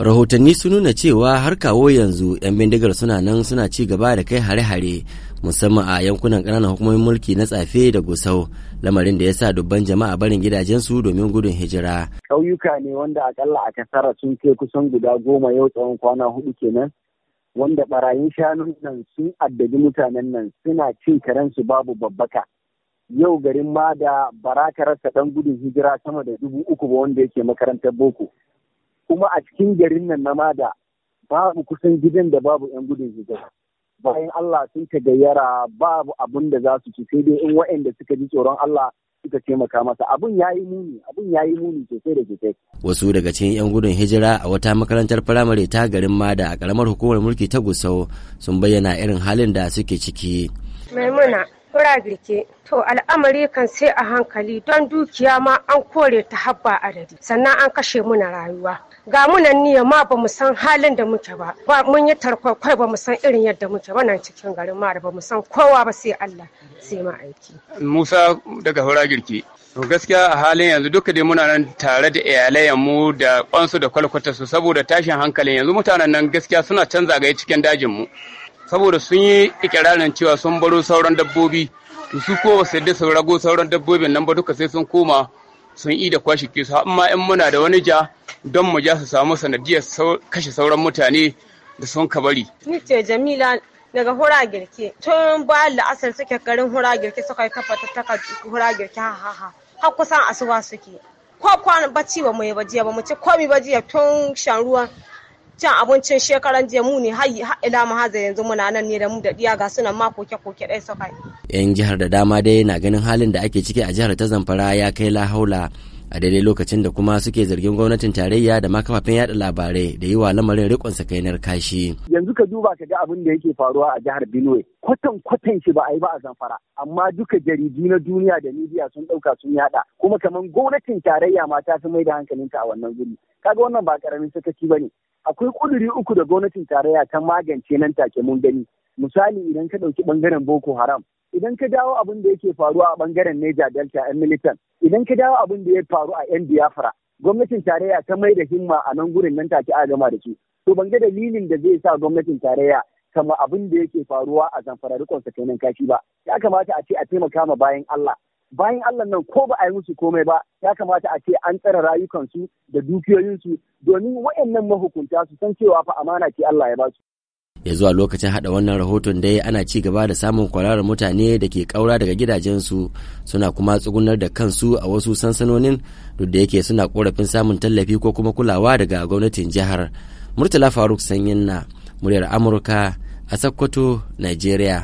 rahotanni sun nuna cewa har kawo yanzu 'yan bindigar suna nan suna ci gaba da kai hare-hare musamman a yankunan ƙananan hukumomin mulki na tsafe da gusau lamarin da ya sa dubban jama'a barin gidajensu domin gudun hijira ƙauyuka ne wanda akalla a kasara sun kai kusan guda goma yau tsawon kwana hudu kenan wanda barayin shanun nan sun addabi mutanen nan suna cin karensu babu babbaka yau garin ma da baraka rasa ɗan gudun hijira sama da dubu uku ba wanda yake makarantar boko kuma a cikin garin nan na mada babu kusan gidan da babu 'yan gudun hijira bayan Allah sun ka gayyara babu abun da za su ci sai dai in waɗanda suka ji tsoron Allah suka taimaka masa abun yayi muni abun yayi yi muni sosai da sosai. Wasu daga cikin 'yan gudun hijira a wata makarantar firamare ta garin Mada a karamar hukumar mulki ta Gusau sun bayyana irin halin da suke ciki. Maimuna Fura girke, to al'amari kan sai a hankali don dukiya ma an kore ta habba adadi, sannan an kashe muna rayuwa. Ga munan niyya ma ba san halin da muke ba, ba mun yi tarkwakwai ba mu san irin yadda muke ba nan cikin garin ma da ba san kowa ba sai Allah sai ma aiki. Musa daga Fura girke. To gaskiya a halin yanzu duka dai muna nan tare da iyalayen mu da kwansu da kwalkwata su saboda tashin hankalin yanzu mutanen nan gaskiya suna canza gaya cikin dajin mu. saboda sun yi ikirarin cewa sun baro sauran dabbobi to su ko ba su yadda su rago sauran dabbobin nan ba duka sai sun koma sun yi da kwashi ke su amma in muna da wani ja don mu ja su samu sanadiyar kashe sauran mutane da sun ka bari. Ni ce Jamila daga hura girke tun bayan la'asar suke garin hura girke suka yi kafa ta hura girke ha ha ha har kusan asuba suke. Ko kwan bacci ba mu yi bajiya ba mu ci komi bajiya tun shan ruwan cin abincin shekaran jemu ne har ila mu haza yanzu muna nan ne da mu da diya ga sunan ma koke koke dai suka yan jihar da dama dai na ganin halin da ake ciki a jihar ta zamfara ya kai lahaula a daidai lokacin da kuma suke zargin gwamnatin tarayya da makafafen yada labarai da yi wa lamarin rikon sakainar kashi. Yanzu ka duba ka ga abin da yake faruwa a jihar Benue. Kwatan kwatan shi ba a yi ba a zamfara, amma duka jaridu na duniya da midiya sun ɗauka sun yada, kuma kaman gwamnatin tarayya ma ta fi mai da hankalinta a wannan guri. Kaga wannan ba karamin sakaci ba akwai kuduri uku da gwamnatin tarayya ta magance nan take mun gani misali idan ka ɗauki ɓangaren boko haram idan ka dawo abin da yake faruwa a ɓangaren neja delta yan militan idan ka dawo abin da ya faru a yan biafra gwamnatin tarayya ta mai da himma a nan gurin nan take a gama da su to ban ga dalilin da zai sa gwamnatin tarayya kama abin da yake faruwa a zamfara rikon sa kenan kashi ba ya kamata a ce a taimaka ma bayan Allah bayan Allah nan ko ba a yi musu komai ba ya kamata a ce an tsare rayukansu da dukiyoyinsu domin waɗannan mahukunta su san cewa fa amana ke Allah ya ba su. Ya zuwa lokacin haɗa wannan rahoton dai ana ci gaba da samun kwararar mutane da ke kaura daga gidajensu suna kuma tsugunar da kansu a wasu sansanonin duk da yake suna korafin samun tallafi ko kuma kulawa daga gwamnatin jihar. Murtala Faruk Sanyin na muryar Amurka a Sokoto, Nigeria.